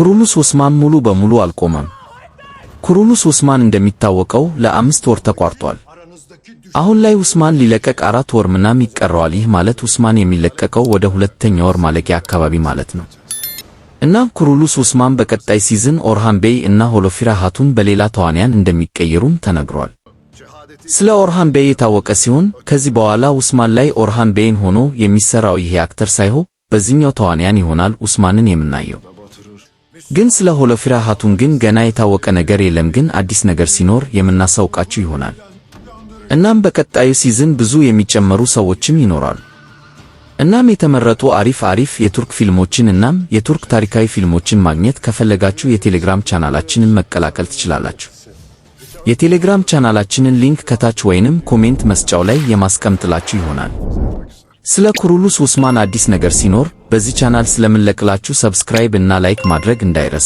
ኩሩሉስ ኡስማን ሙሉ በሙሉ አልቆመም። ኩሩኑስ ኡስማን እንደሚታወቀው ለአምስት ወር ተቋርጧል። አሁን ላይ ኡስማን ሊለቀቅ አራት ወር ምናም ይቀረዋል። ይህ ማለት ኡስማን የሚለቀቀው ወደ ሁለተኛ ወር ማለቂያ አካባቢ ማለት ነው። እና ኩሩሉስ ኡስማን በቀጣይ ሲዝን ኦርሃን ቤይ እና ሆሎፊራ ሃቱን በሌላ ተዋንያን እንደሚቀየሩም ተነግሯል። ስለ ኦርሃን ቤይ የታወቀ ሲሆን ከዚህ በኋላ ኡስማን ላይ ኦርሃን ቤይን ሆኖ የሚሰራው ይሄ አክተር ሳይሆን በዚህኛው ተዋንያን ይሆናል ኡስማንን የምናየው። ግን ስለ ሆሎፊራ ኻቱን ግን ገና የታወቀ ነገር የለም። ግን አዲስ ነገር ሲኖር የምናሳውቃችሁ ይሆናል። እናም በቀጣዩ ሲዝን ብዙ የሚጨመሩ ሰዎችም ይኖራሉ። እናም የተመረጡ አሪፍ አሪፍ የቱርክ ፊልሞችን እናም የቱርክ ታሪካዊ ፊልሞችን ማግኘት ከፈለጋችሁ የቴሌግራም ቻናላችንን መቀላቀል ትችላላችሁ። የቴሌግራም ቻናላችንን ሊንክ ከታች ወይንም ኮሜንት መስጫው ላይ የማስቀምጥላችሁ ይሆናል። ስለ ኩሩሉስ ውስማን አዲስ ነገር ሲኖር በዚህ ቻናል ስለምንለቅላችሁ ሰብስክራይብ እና ላይክ ማድረግ እንዳይረሳ።